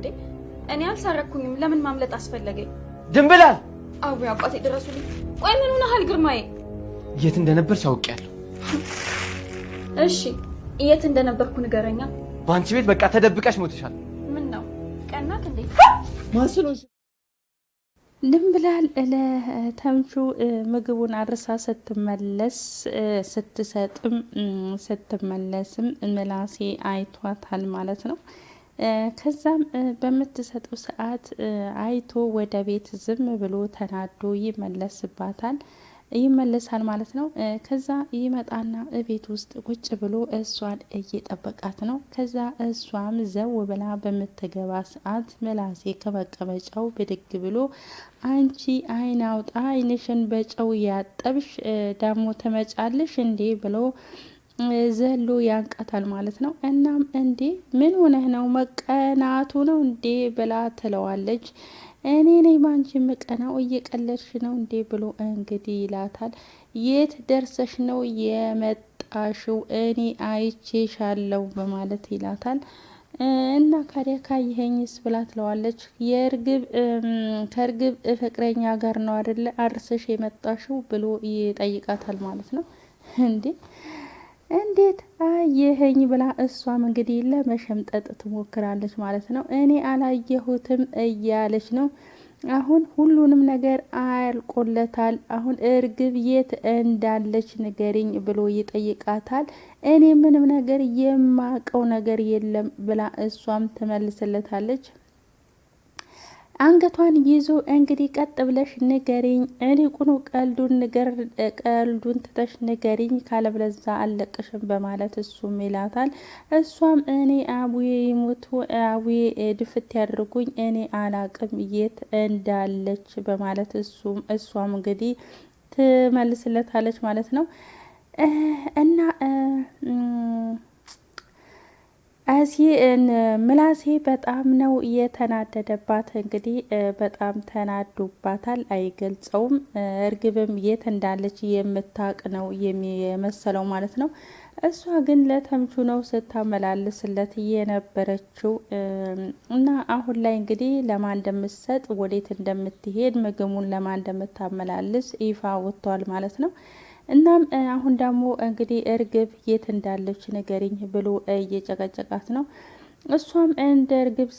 እንዴ? እኔ አልሰረኩኝም። ለምን ማምለጥ አስፈለገኝ? ድንብላል አዊ አባቴ ድረሱልኝ። ቆይ ምን ሆነሃል ግርማዬ? የት እንደነበርሽ አውቄያለሁ። እሺ የት እንደነበርኩ ንገረኛ። በአንቺ ቤት በቃ ተደብቀሽ ሞትሻል። ምን ነው ቀናት እንዴ? ማስሎሽ ድንብላል ለተምቹ ምግቡን አድርሳ ስትመለስ ስትሰጥም ስትመለስም ምላሴ አይቷታል ማለት ነው። ከዛም በምትሰጠው ሰዓት አይቶ ወደ ቤት ዝም ብሎ ተናዶ ይመለስባታል ይመለሳል ማለት ነው። ከዛ ይመጣና ቤት ውስጥ ቁጭ ብሎ እሷን እየጠበቃት ነው። ከዛ እሷም ዘው ብላ በምትገባ ሰዓት መላሴ ከመቀመጫው ብድግ ብሎ አንቺ አይን አውጣ፣ አይንሽን በጨው ያጠብሽ ደግሞ ትመጫለሽ እንዴ ብሎ ዘሎ ያንቃታል ማለት ነው። እናም እንዴ ምን ሆነህ ነው መቀናቱ ነው እንዴ ብላ ትለዋለች። እኔ ነኝ ማንቺ መቀናው እየቀለድሽ ነው እንዴ ብሎ እንግዲህ ይላታል። የት ደርሰሽ ነው የመጣሽው? እኔ አይቼሻለሁ በማለት ይላታል። እና ካዲያ ካየኸኝስ ብላ ትለዋለች። የእርግብ ከእርግብ ፍቅረኛ ጋር ነው አደለ አድርሰሽ የመጣሽው ብሎ ይጠይቃታል ማለት ነው እንዴ እንዴት አየኸኝ ብላ እሷም እንግዲህ ለመሸምጠጥ ትሞክራለች ማለት ነው። እኔ አላየሁትም እያለች ነው። አሁን ሁሉንም ነገር አያልቆለታል። አሁን እርግብ የት እንዳለች ንገሪኝ ብሎ ይጠይቃታል። እኔ ምንም ነገር የማቀው ነገር የለም ብላ እሷም ትመልስለታለች። አንገቷን ይዞ እንግዲህ ቀጥ ብለሽ ንገሪኝ፣ እኔቁኑ ቀልዱን ንገር ቀልዱን ትተሽ ንገሪኝ፣ ካለብለዛ አለቅሽም በማለት እሱም ይላታል። እሷም እኔ አቡዬ ይሙቱ አቡዬ ድፍት ያድርጉኝ፣ እኔ አላቅም የት እንዳለች በማለት እሱም እሷም እንግዲህ ትመልስለታለች ማለት ነው እና እዚህ ምላሴ በጣም ነው የተናደደባት። እንግዲህ በጣም ተናዱባታል፣ አይገልጸውም። እርግብም የት እንዳለች የምታውቅ ነው የመሰለው ማለት ነው። እሷ ግን ለተምቹ ነው ስታመላልስለት የነበረችው እና አሁን ላይ እንግዲህ ለማን እንደምትሰጥ ወዴት እንደምትሄድ ምግቡን ለማን እንደምታመላልስ ይፋ ወጥቷል ማለት ነው። እናም አሁን ደግሞ እንግዲህ እርግብ የት እንዳለች ንገሪኝ ብሎ እየጨቀጨቃት ነው። እሷም እንደ እርግብ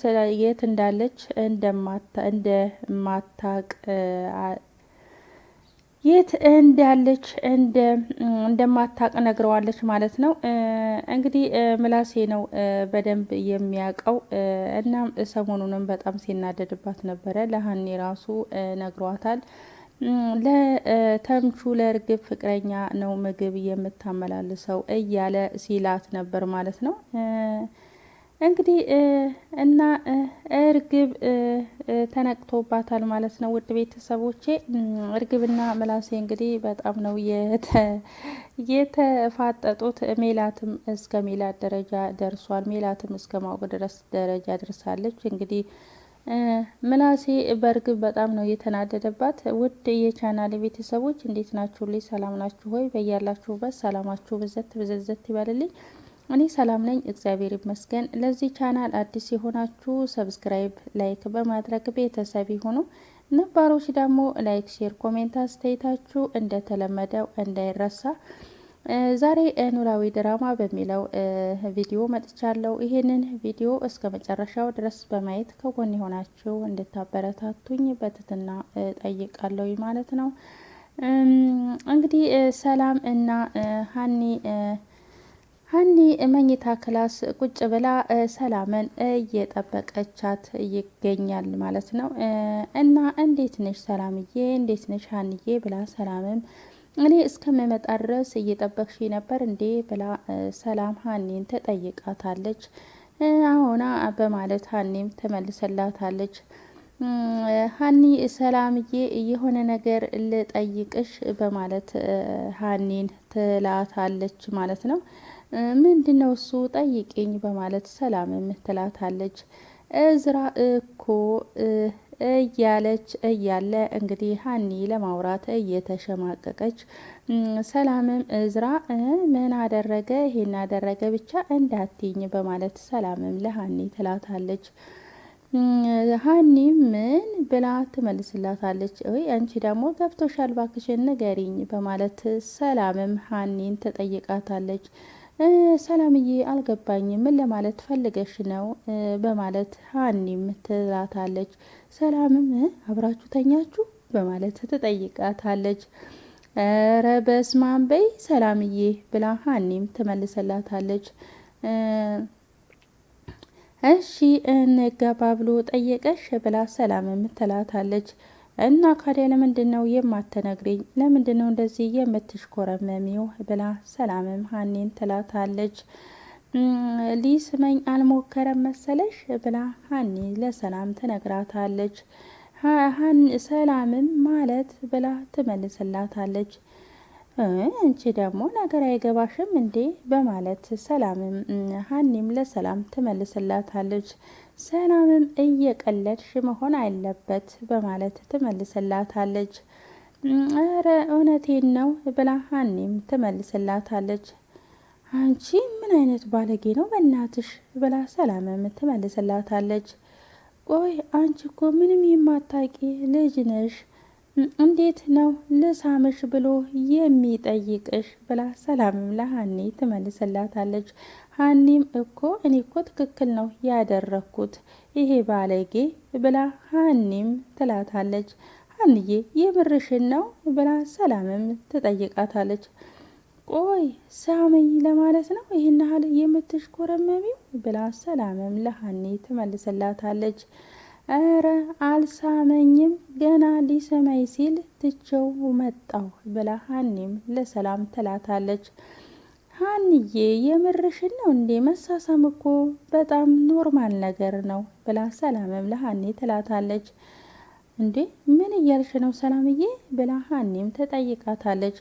የት እንዳለች እንደማታቅ የት እንዳለች እንደማታቅ ነግረዋለች ማለት ነው። እንግዲህ ምላሴ ነው በደንብ የሚያውቀው። እናም ሰሞኑንም በጣም ሲናደድባት ነበረ። ለሀኔ ራሱ ነግሯታል። ለተምቹ ለእርግብ ፍቅረኛ ነው ምግብ የምታመላልሰው እያለ ሲላት ነበር ማለት ነው። እንግዲህ እና እርግብ ተነቅቶባታል ማለት ነው። ውድ ቤተሰቦቼ እርግብና ምላሴ እንግዲህ በጣም ነው የተፋጠጡት። ሜላትም እስከ ሜላት ደረጃ ደርሷል። ሜላትም እስከ ማወቅ ድረስ ደረጃ ደርሳለች እንግዲህ ምናሴ በእርግብ በጣም ነው የተናደደባት። ውድ የቻናል ቤተሰቦች እንዴት ናችሁ? ልይ ሰላም ናችሁ ሆይ? በያላችሁበት ሰላማችሁ ብዘት ብዘዘት ይበልልኝ። እኔ ሰላም ነኝ፣ እግዚአብሔር ይመስገን። ለዚህ ቻናል አዲስ የሆናችሁ ሰብስክራይብ፣ ላይክ በማድረግ ቤተሰብ ይሁኑ። ነባሮች ደግሞ ላይክ፣ ሼር፣ ኮሜንት አስተያየታችሁ እንደተለመደው እንዳይረሳ ዛሬ ኖላዊ ድራማ በሚለው ቪዲዮ መጥቻለሁ። ይሄንን ቪዲዮ እስከ መጨረሻው ድረስ በማየት ከጎን የሆናችሁ እንድታበረታቱኝ በትትና ጠይቃለሁ ማለት ነው። እንግዲህ ሰላም እና ሀኒ ሀኒ መኝታ ክላስ ቁጭ ብላ ሰላምን እየጠበቀቻት ይገኛል ማለት ነው። እና እንዴት ነሽ ሰላምዬ፣ እንዴት ነሽ ሀንዬ ብላ ሰላምም እኔ እስከምመጣ ድረስ እየጠበቅሽ ነበር እንዴ ብላ ሰላም ሀኔን ተጠይቃታለች። አሁና በማለት ሀኔም ተመልሰላታለች። ሀኒ ሰላምዬ የሆነ ነገር ልጠይቅሽ በማለት ሀኒን ትላታለች ማለት ነው። ምንድን ነው እሱ ጠይቅኝ በማለት ሰላምም ትላታለች። እዝራ እኮ እያለች እያለ እንግዲህ ሀኒ ለማውራት እየተሸማቀቀች ሰላምም እዝራ ምን አደረገ ይሄን አደረገ ብቻ እንዳትኝ በማለት ሰላምም ለሀኒ ትላታለች። ሀኒ ምን ብላ ትመልስላታለች። ወይ አንቺ ደግሞ ገብቶሻል፣ ባክሽን ንገሪኝ በማለት ሰላምም ሀኒን ትጠይቃታለች። ሰላምዬ አልገባኝም፣ ምን ለማለት ፈልገሽ ነው በማለት ሀኒም ትላታለች። ሰላምም አብራችሁ ተኛችሁ በማለት ትጠይቃታለች። ኧረ በስመ አብ በይ ሰላምዬ ብላ ሀኒም ትመልሰላታለች። እሺ እንገባ ብሎ ጠየቀሽ ብላ ሰላምም ትላታለች። እና ካዲያ ለምንድን ነው የማትነግሪኝ? ለምንድን ነው እንደዚህ የምትሽኮረመሚው? ብላ ሰላምም ሀኔን ትላታለች። ሊስመኝ አልሞከረም መሰለሽ ብላ ሀኔ ለሰላም ትነግራታለች። ሰላምም ማለት ብላ ትመልስላታለች። እንቺ ደግሞ ነገር አይገባሽም እንዴ በማለት ሰላምም ሀኔም ለሰላም ትመልስላታለች። ሰላምም እየቀለድሽ መሆን አለበት በማለት ትመልስላታለች። እረ እውነቴን ነው ብላ ሀኔም ትመልስላታለች። አንቺ ምን አይነት ባለጌ ነው በእናትሽ ብላ ሰላምም ትመልስላታለች። ቆይ አንቺ እኮ ምንም የማታቂ ልጅ ነሽ እንዴት ነው ልሳምሽ ብሎ የሚጠይቅሽ ብላ ሰላምም ለሀኒ ትመልስላታለች። ሀኒም እኮ እኔ እኮ ትክክል ነው ያደረግኩት ይሄ ባለጌ ብላ ሀኒም ትላታለች። ሀንዬ የምርሽን ነው ብላ ሰላምም ትጠይቃታለች። ቆይ ሳመኝ ለማለት ነው ይህን ያህል የምትሽኮረመሚው ብላ ሰላምም ለሀኒ ትመልስላታለች። እረ አልሳመኝም ገና ሊሰማይ ሲል ትቼው መጣሁ ብላ ሀኒም ለሰላም ትላታለች። ሀንዬ የምርሽን ነው እንዴ? መሳሳም እኮ በጣም ኖርማል ነገር ነው ብላ ሰላምም ለሀኒ ትላታለች። እንዴ ምን እያልሽ ነው ሰላምዬ? ብላ ሀኒም ተጠይቃታለች።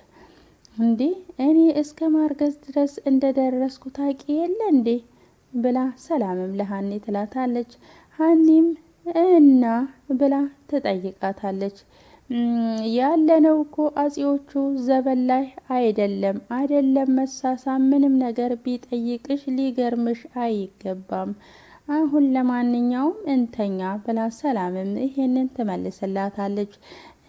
እንዴ እኔ እስከ ማርገዝ ድረስ ደረስኩ ታቂ የለ እንዴ? ብላ ሰላምም ለሀኒ ትላታለች። ሀኒም እና ብላ ትጠይቃታለች። ያለነው እኮ አጼዎቹ ዘበን ላይ አይደለም አይደለም መሳሳ ምንም ነገር ቢጠይቅሽ ሊገርምሽ አይገባም። አሁን ለማንኛውም እንተኛ ብላ ሰላምም ይሄንን ትመልስላታለች።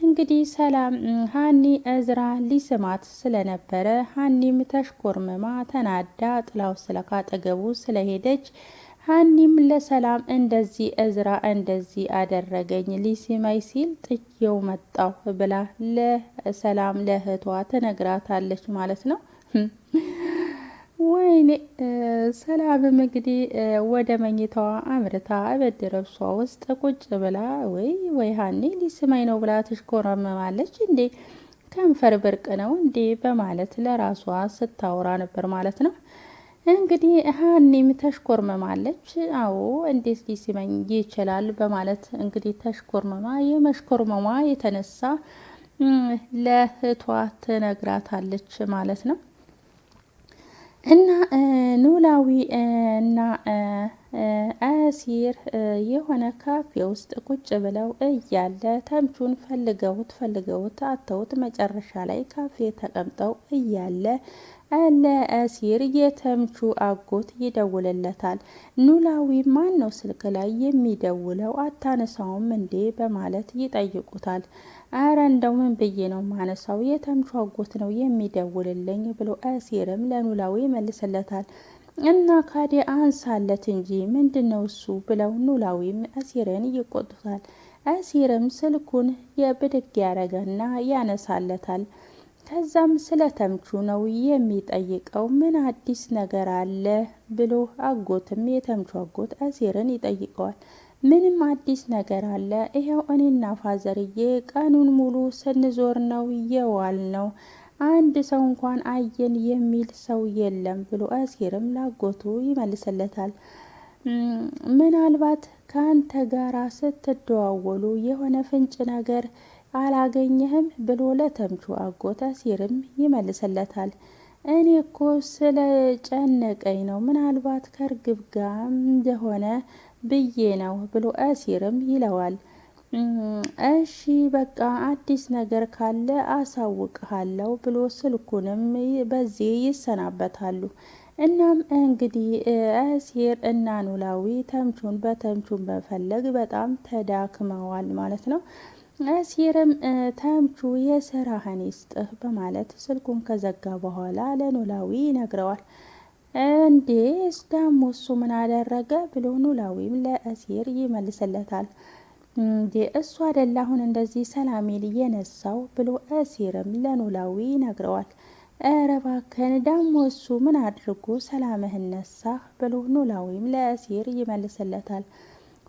እንግዲህ ሰላም ሀኒ እዝራ ሊስማት ስለነበረ ሀኒም ተሽኮርምማ ተናዳ ጥላው ስለካጠገቡ ካጠገቡ ስለሄደች ሀኒም ለሰላም እንደዚህ እዝራ እንደዚህ አደረገኝ ሊስማይ ሲል ጥዬው መጣሁ ብላ ለሰላም ለእህቷ ትነግራታለች ማለት ነው። ወይኔ ሰላምም እንግዲህ ወደ መኝታዋ አምርታ እበድ ውስጥ ቁጭ ብላ ወይ ወይ ሀኒ ሊስማይ ነው ብላ ትሽኮረመማለች እንዴ ከንፈር ብርቅ ነው እንዴ በማለት ለራሷ ስታወራ ነበር ማለት ነው። እንግዲህ ሀኒም ተሽኮርመማለች። አዎ እንዴት ሊስመኝ ይችላል በማለት እንግዲህ ተሽኮርመማ የመሽኮርመማ የተነሳ ለእህቷ ትነግራታለች ማለት ነው። እና ኖላዊ እና አሲር የሆነ ካፌ ውስጥ ቁጭ ብለው እያለ ተምቹን ፈልገውት ፈልገውት አተውት መጨረሻ ላይ ካፌ ተቀምጠው እያለ ለእሲር የተምቹ አጎት ይደውልለታል። ኑላዊ ማን ነው ስልክ ላይ የሚደውለው አታነሳውም እንዴ በማለት ይጠይቁታል። አረ እንደው ምን ብዬ ነው ማነሳው የተምቹ አጎት ነው የሚደውልልኝ ብሎ እሲርም ለኑላዊ ይመልስለታል። እና ካዲ አንሳለት እንጂ ምንድን ነው እሱ ብለው ኑላዊም እሲርን ይቆጡታል። እሲርም ስልኩን የብድግ ያረገና ያነሳለታል። ከዛም ስለ ተምቹ ነው የሚጠይቀው። ምን አዲስ ነገር አለ ብሎ አጎትም የተምቹ አጎት አሴርን ይጠይቀዋል። ምንም አዲስ ነገር አለ፣ ይኸው እኔና ፋዘርዬ ቀኑን ሙሉ ስንዞር ነው የዋል ነው አንድ ሰው እንኳን አየን የሚል ሰው የለም ብሎ አሲርም ላጎቱ ይመልስለታል። ምናልባት ከአንተ ጋራ ስትደዋወሉ የሆነ ፍንጭ ነገር አላገኘህም ብሎ ለተምቹ አጎት ሲርም ይመልስለታል። እኔ እኮ ስለ ጨነቀኝ ነው ምናልባት ከእርግብ ጋር እንደሆነ ብዬ ነው ብሎ እሲርም ይለዋል። እሺ በቃ አዲስ ነገር ካለ አሳውቅሃለሁ ብሎ ስልኩንም በዚህ ይሰናበታሉ። እናም እንግዲህ እሲር እና ኖላዊ ተምቹን በተምቹን በመፈለግ በጣም ተዳክመዋል ማለት ነው። አሲርም ተምቹ የስራህን ይስጥህ በማለት ስልኩን ከዘጋ በኋላ ለኖላዊ ይነግረዋል። እንዴ እስዳም እሱ ምን አደረገ ብሎ ኖላዊም ለአሲር ይመልስለታል። እንዴ እሱ አደላ አሁን እንደዚህ ሰላሜል የነሳው ብሎ አሲርም ለኖላዊ ይነግረዋል። ኧረ እባክህን እሱ ምን አድርጎ ሰላምህን ነሳህ ብሎ ኖላዊም ለአሲር ይመልስለታል።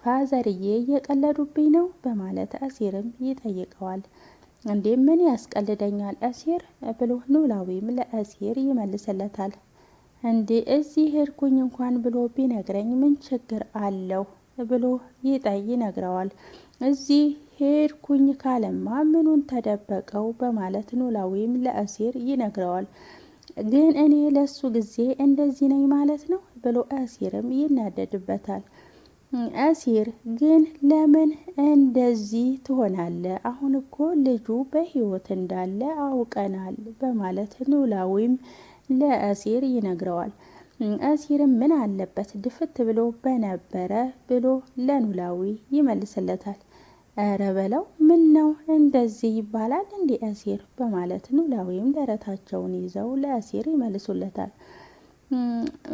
ፋዘርዬ እየቀለዱብኝ ነው በማለት አሲርም ይጠይቀዋል። እንዴ ምን ያስቀልደኛል አሲር ብሎ ኖላዊም ለአሲር ይመልስለታል። እንዴ እዚህ ሄድኩኝ እንኳን ብሎ ቢነግረኝ ምን ችግር አለው ብሎ ይጠይ ይነግረዋል። እዚህ ሄድኩኝ ካለማ ምኑን ተደበቀው በማለት ኖላዊም ለአሲር ይነግረዋል። ግን እኔ ለሱ ጊዜ እንደዚህ ነኝ ማለት ነው ብሎ አሲርም ይናደድበታል። አሲር ግን ለምን እንደዚህ ትሆናለ? አሁን እኮ ልጁ በህይወት እንዳለ አውቀናል በማለት ኖላዊም ለአሲር ይነግረዋል። አሲርም ምን አለበት ድፍት ብሎ በነበረ ብሎ ለኖላዊ ይመልስለታል። እረ በለው ምን ነው እንደዚህ ይባላል እንዲህ አሲር በማለት ኖላዊም ደረታቸውን ይዘው ለአሲር ይመልሱለታል።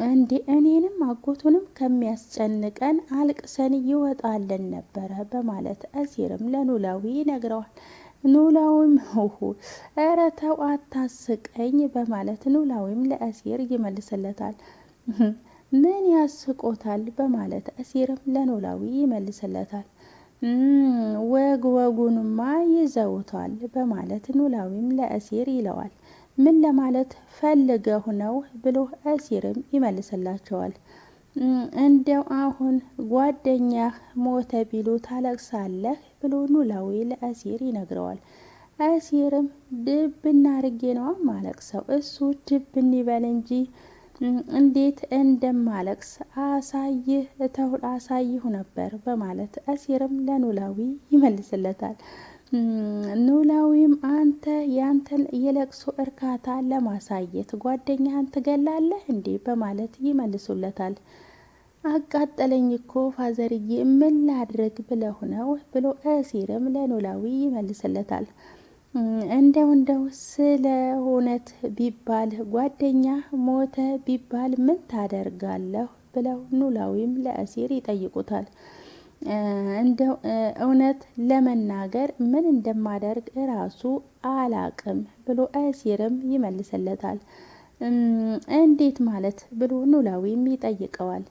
እንዴ እኔንም አጎቱንም ከሚያስጨንቀን አልቅሰን ይወጣለን ነበረ በማለት እዚርም ለኖላዊ ይነግረዋል። ኖላዊም ሆሆ ኧረ ተው አታስቀኝ በማለት ኖላዊም ለእሲር ይመልስለታል። ምን ያስቆታል በማለት እሲርም ለኖላዊ ይመልስለታል። ወግ ወጉንማ ይዘውቷል በማለት ኖላዊም ለእሲር ይለዋል። ምን ለማለት ፈልገ ነው ብሎ አሲርም ይመልስላቸዋል። እንደው አሁን ጓደኛ ሞተ ቢሉ ታለቅሳለህ ብሎ ኖላዊ ለአሲር ይነግረዋል። አሲርም ድብና ርጌ ነው ማለቅሰው እሱ ድብን ይበል እንጂ እንዴት እንደማለቅስ አሳይህ እተው አሳይሁ ነበር በማለት አሲርም ለኖላዊ ይመልስለታል። ኖላዊም አንተ ያንተን የለቅሶ እርካታ ለማሳየት ጓደኛህን ትገላለህ እንዴ? በማለት ይመልሱለታል። አቃጠለኝ እኮ ፋዘርዬ ምን ላድርግ ብለው ነው ብሎ እሲርም ለኖላዊ ይመልስለታል። እንደው እንደው ስለ እውነት ቢባል ጓደኛ ሞተ ቢባል ምን ታደርጋለሁ ብለው ኖላዊም ለእሲር ይጠይቁታል። እንደው እውነት ለመናገር ምን እንደማደርግ እራሱ አላቅም ብሎ አሲርም ይመልስለታል። እንዴት ማለት ብሎ ኖላዊም ይጠይቀዋል።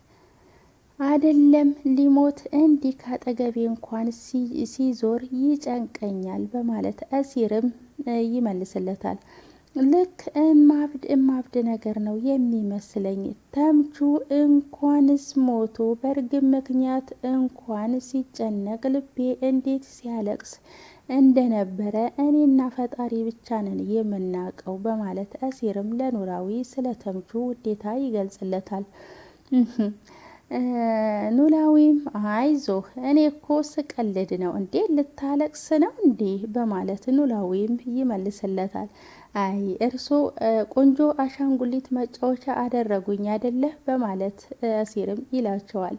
አይደለም ሊሞት እንዲህ ካጠገቤ እንኳን ሲዞር ይጨንቀኛል በማለት አሲርም ይመልስለታል። ልክ እማብድ እማብድ ነገር ነው የሚመስለኝ። ተምቹ እንኳንስ ሞቶ በእርግብ ምክንያት እንኳን ሲጨነቅ ልቤ እንዴት ሲያለቅስ እንደነበረ እኔና ፈጣሪ ብቻ ነን የምናውቀው በማለት አሲርም ለኑራዊ ስለ ተምቹ ውዴታ ይገልጽለታል። ኖላዊም አይዞህ እኔ እኮ ስቀልድ ነው እንዴ ልታለቅስ ነው እንዴ በማለት ኑላዊም ይመልስለታል። አይ እርስዎ ቆንጆ አሻንጉሊት መጫወቻ አደረጉኝ አይደለ? በማለት አሲርም ይላቸዋል።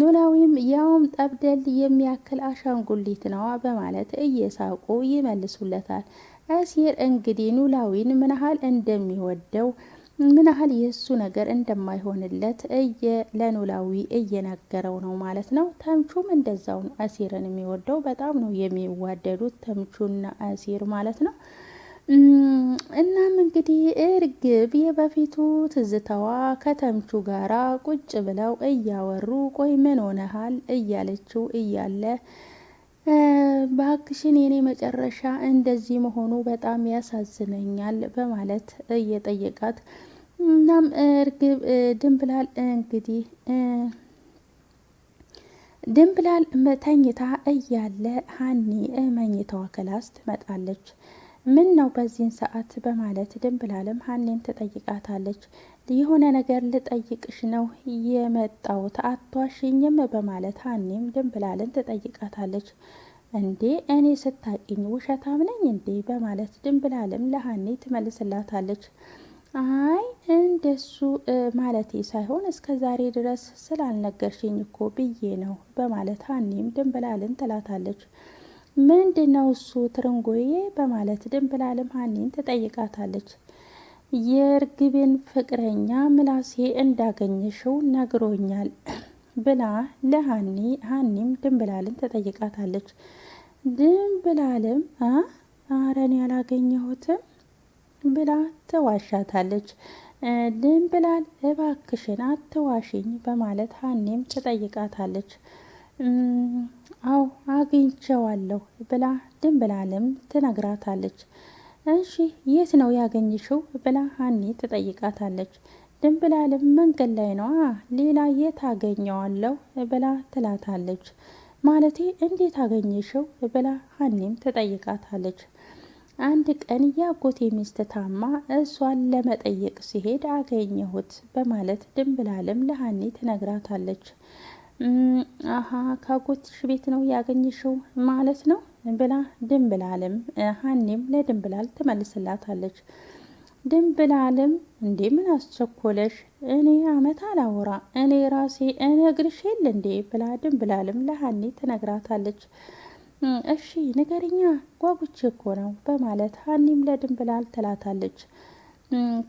ኖላዊም ያውም ጠብደል የሚያክል አሻንጉሊት ነዋ በማለት እየሳቁ ይመልሱለታል። አሲር እንግዲህ ኖላዊን ምን ያህል እንደሚወደው ምን ያህል የእሱ ነገር እንደማይሆንለት ለኖላዊ እየነገረው ነው ማለት ነው። ተምቹም እንደዛውን አሲርን የሚወደው በጣም ነው የሚዋደዱት ተምቹና አሲር ማለት ነው። እናም እንግዲህ እርግብ የበፊቱ ትዝታዋ ከተምቹ ጋራ ቁጭ ብለው እያወሩ ቆይ ምን ሆነሃል እያለችው እያለ በአክሽን የኔ መጨረሻ እንደዚህ መሆኑ በጣም ያሳዝነኛል በማለት እየጠየቃት እናም እርግብ ድንብላል እንግዲህ ድንብላል ተኝታ እያለ ሀኒ መኝታዋ ክላስ ትመጣለች። ምን ነው በዚህን ሰዓት በማለት ድንብላልም ሀኔን ትጠይቃታለች። የሆነ ነገር ልጠይቅሽ ነው የመጣሁት አቷሽኝም በማለት ሀኔም ድንብላልን ትጠይቃታለች። እንዴ እኔ ስታቂኝ ውሸታም ነኝ እንዴ በማለት ድንብላልም ለሀኔ ትመልስላታለች። አይ እንደሱ ማለቴ ሳይሆን እስከ ዛሬ ድረስ ስላልነገርሽኝ እኮ ብዬ ነው በማለት ሀኔም ድንብላልን ትላታለች። ምንድነው እሱ ትርንጎዬ በማለት ድንብላልም ሀኒን ትጠይቃታለች። የእርግብን ፍቅረኛ ምላሴ እንዳገኘሽው ነግሮኛል ብላ ለሀኒ ሀኒም ድንብላልን ትጠይቃታለች። ድንብላልም አረን ያላገኘሁትም ብላ ትዋሻታለች። ድንብላል እባክሽን አትዋሽኝ በማለት ሀኒም ትጠይቃታለች። አዎ አግኝቼዋለሁ ብላ ድንብላልም ትነግራታለች። እሺ የት ነው ያገኘሽው ብላ ሀኒ ትጠይቃታለች። ድንብላልም መንገድ ላይ ነዋ ሌላ የት አገኘዋለሁ ብላ ትላታለች። ማለቴ እንዴት አገኘሽው ብላ ሀኒም ትጠይቃታለች። አንድ ቀን የአጎቴ ሚስት ታማ እሷን ለመጠየቅ ሲሄድ አገኘሁት በማለት ድንብላልም ለሀኒ ትነግራታለች። አሀ ካጎትሽ ቤት ነው ያገኘሽው ማለት ነው ብላ ድንብላልም ሀኔም ለድንብላል ትመልስላታለች። ድንብላልም እንዴ ምን አስቸኮለሽ? እኔ አመት አላወራ እኔ ራሴ እነግርሽ የለ እንዴ ብላ ድንብላልም ለሀኔ ትነግራታለች። እሺ ንገርኛ ጓጉቼ እኮ ነው በማለት ሀኒም ለድንብላል ትላታለች።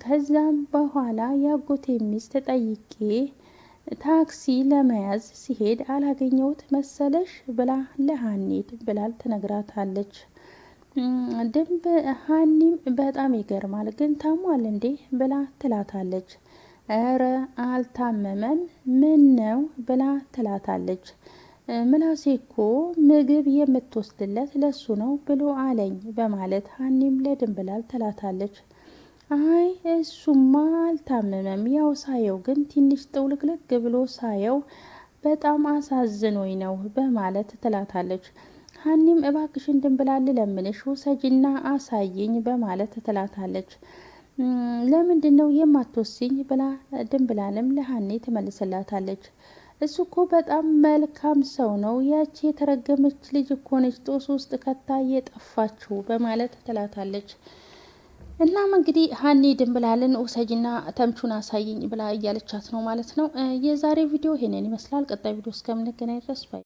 ከዛም በኋላ ያጎቴ ሚስት ጠይቄ ታክሲ ለመያዝ ሲሄድ አላገኘውት መሰለሽ ብላ ለሀኒድ ብላል ትነግራታለች። ድንብ ሀኒም በጣም ይገርማል ግን ታሟል እንዴ ብላ ትላታለች። እረ አልታመመም ምን ነው ብላ ትላታለች። ምላሴ እኮ ምግብ የምትወስድለት ለሱ ነው ብሎ አለኝ በማለት ሀኒም ለድንብላል ትላታለች። አይ እሱማ አልታመመም። ያው ሳየው ግን ትንሽ ጥውልቅልቅ ብሎ ሳየው በጣም አሳዝኖኝ ነው በማለት ትላታለች። ሀኒም እባክሽን ድንብላል ለምንሽ ውሰጂና አሳይኝ በማለት ትላታለች። ለምንድን ነው የማትወስኝ ብላ ድንብላልም ለሀኒ ትመልስላታለች። እሱ እኮ በጣም መልካም ሰው ነው። ያቺ የተረገመች ልጅ እኮ ነች ጦስ ውስጥ ከታ የጠፋችው በማለት ትላታለች። እናም እንግዲህ ሀኒ ድንብላልን ውሰጂና ተምቹን አሳይኝ ብላ እያለቻት ነው ማለት ነው። የዛሬ ቪዲዮ ይሄንን ይመስላል። ቀጣይ ቪዲዮ እስከምንገናኝ ድረስ ባይ